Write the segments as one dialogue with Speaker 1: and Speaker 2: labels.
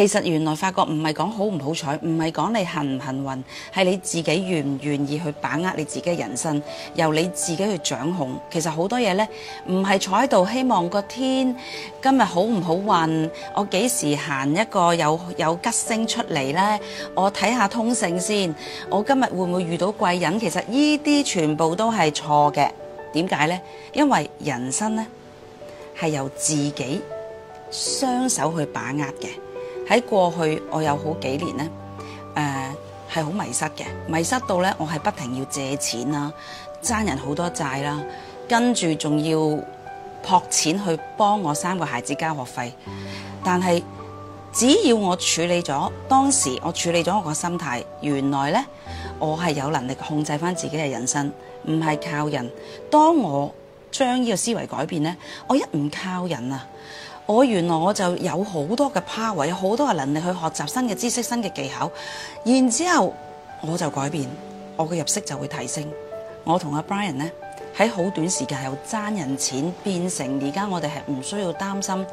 Speaker 1: 其實原來發覺唔係講好唔好彩，唔係講你幸唔幸運，係你，你自己願唔願意去把握你自己嘅人生，由你自己去掌控。其實好多嘢呢，唔係坐喺度希望個天今日好唔好運，我幾時行一個有有吉星出嚟呢？我睇下通勝先，我今日會唔會遇到貴人？其實呢啲全部都係錯嘅。點解呢？因為人生呢，係由自己雙手去把握嘅。喺過去，我有好幾年呢，誒係好迷失嘅，迷失到呢，我係不停要借錢啦，爭人好多債啦，跟住仲要撲錢去幫我三個孩子交學費。但係只要我處理咗當時，我處理咗我個心態，原來呢，我係有能力控制返自己嘅人生，唔係靠人。當我將呢個思維改變呢我一唔靠人啊，我原來我就有好多嘅 power，有好多嘅能力去學習新嘅知識、新嘅技巧，然之後我就改變，我嘅入息就會提升。我同阿 Brian 咧喺好短時間又爭人錢，變成而家我哋係唔需要擔心。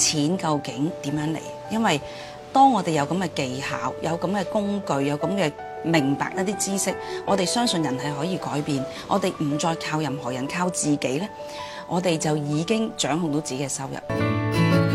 Speaker 1: 錢究竟點樣嚟？因為當我哋有咁嘅技巧、有咁嘅工具、有咁嘅明白一啲知識，我哋相信人係可以改變。我哋唔再靠任何人，靠自己呢，我哋就已經掌控到自己嘅收入。